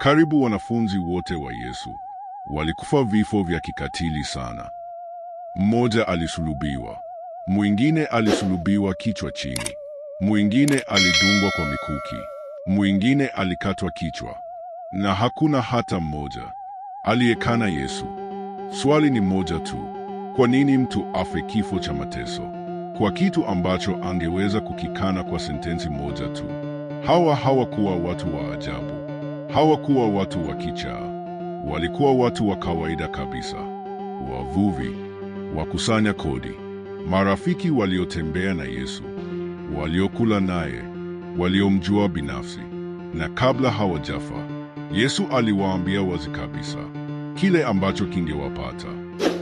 Karibu wanafunzi wote wa Yesu walikufa vifo vya kikatili sana. Mmoja alisulubiwa, mwingine alisulubiwa kichwa chini, mwingine alidungwa kwa mikuki, mwingine alikatwa kichwa, na hakuna hata mmoja aliyekana Yesu. Swali ni moja tu: kwa nini mtu afe kifo cha mateso kwa kitu ambacho angeweza kukikana kwa sentensi moja tu? Hawa hawakuwa watu wa ajabu. Hawakuwa watu wa kichaa, walikuwa watu wa kawaida kabisa, wavuvi, wakusanya kodi, marafiki waliotembea na Yesu, waliokula naye, waliomjua binafsi. Na kabla hawajafa, Yesu aliwaambia wazi kabisa kile ambacho kingewapata.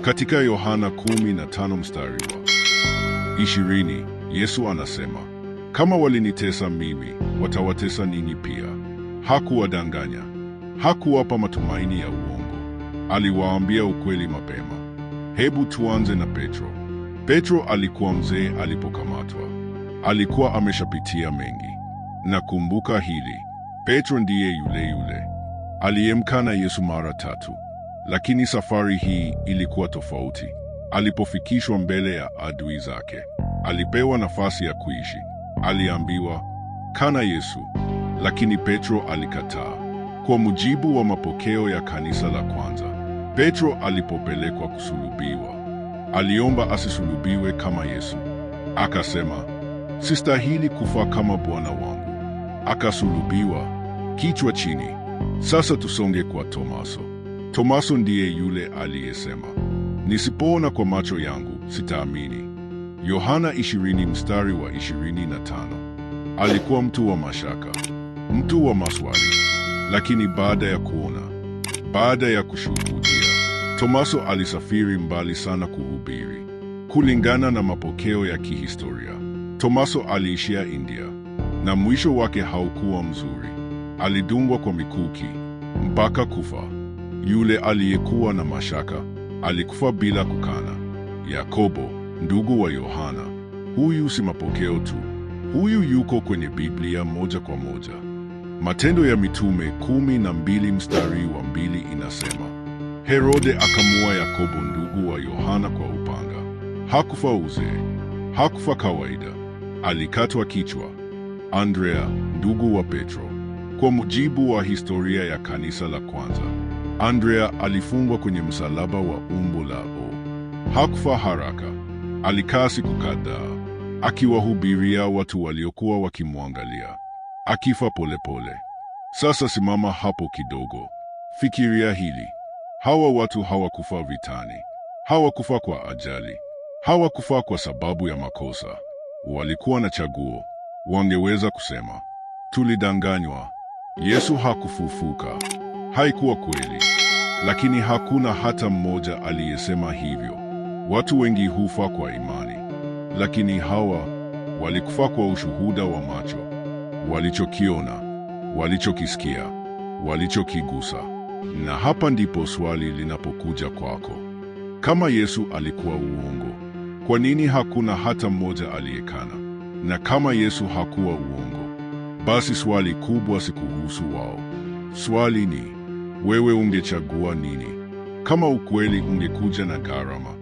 Katika Yohana 15 mstari wa 20, Yesu anasema, kama walinitesa mimi, watawatesa ninyi pia. Hakuwadanganya, hakuwapa matumaini ya uongo, aliwaambia ukweli mapema. Hebu tuanze na Petro. Petro alikuwa mzee alipokamatwa, alikuwa ameshapitia mengi. Nakumbuka hili, Petro ndiye yule yule aliyemkana Yesu mara tatu, lakini safari hii ilikuwa tofauti. Alipofikishwa mbele ya adui zake, alipewa nafasi ya kuishi. Aliambiwa, kana Yesu lakini Petro alikataa. Kwa mujibu wa mapokeo ya kanisa la kwanza, Petro alipopelekwa kusulubiwa, aliomba asisulubiwe kama Yesu. Akasema, sistahili kufa kama Bwana wangu. Akasulubiwa kichwa chini. Sasa tusonge kwa Tomaso. Tomaso ndiye yule aliyesema, nisipoona kwa macho yangu sitaamini. Yohana 20 mstari wa 25. Alikuwa mtu wa mashaka mtu wa maswali, lakini baada ya kuona, baada ya kushuhudia, Tomaso alisafiri mbali sana kuhubiri. Kulingana na mapokeo ya kihistoria, Tomaso aliishia India na mwisho wake haukuwa mzuri. Alidungwa kwa mikuki mpaka kufa. Yule aliyekuwa na mashaka alikufa bila kukana. Yakobo, ndugu wa Yohana, huyu si mapokeo tu, huyu yuko kwenye Biblia moja kwa moja. Matendo ya Mitume kumi na mbili mstari wa mbili inasema, Herode akamua Yakobo ndugu wa Yohana kwa upanga. Hakufa uzee, hakufa kawaida, alikatwa kichwa. Andrea ndugu wa Petro. Kwa mujibu wa historia ya kanisa la kwanza, Andrea alifungwa kwenye msalaba wa umbo la O. Hakufa haraka, alikaa siku kadhaa akiwahubiria watu waliokuwa wakimwangalia akifa polepole pole. Sasa simama hapo kidogo, fikiria hili. Hawa watu hawakufa vitani, hawakufa kwa ajali, hawakufa kwa sababu ya makosa. Walikuwa na chaguo. Wangeweza kusema tulidanganywa, Yesu hakufufuka, haikuwa kweli. Lakini hakuna hata mmoja aliyesema hivyo. Watu wengi hufa kwa imani, lakini hawa walikufa kwa ushuhuda wa macho walichokiona, walichokisikia, walichokigusa. Na hapa ndipo swali linapokuja kwako: kama Yesu alikuwa uongo, kwa nini hakuna hata mmoja aliyekana? Na kama Yesu hakuwa uongo, basi swali kubwa si kuhusu wao. Swali ni wewe, ungechagua nini? Kama ukweli ungekuja na gharama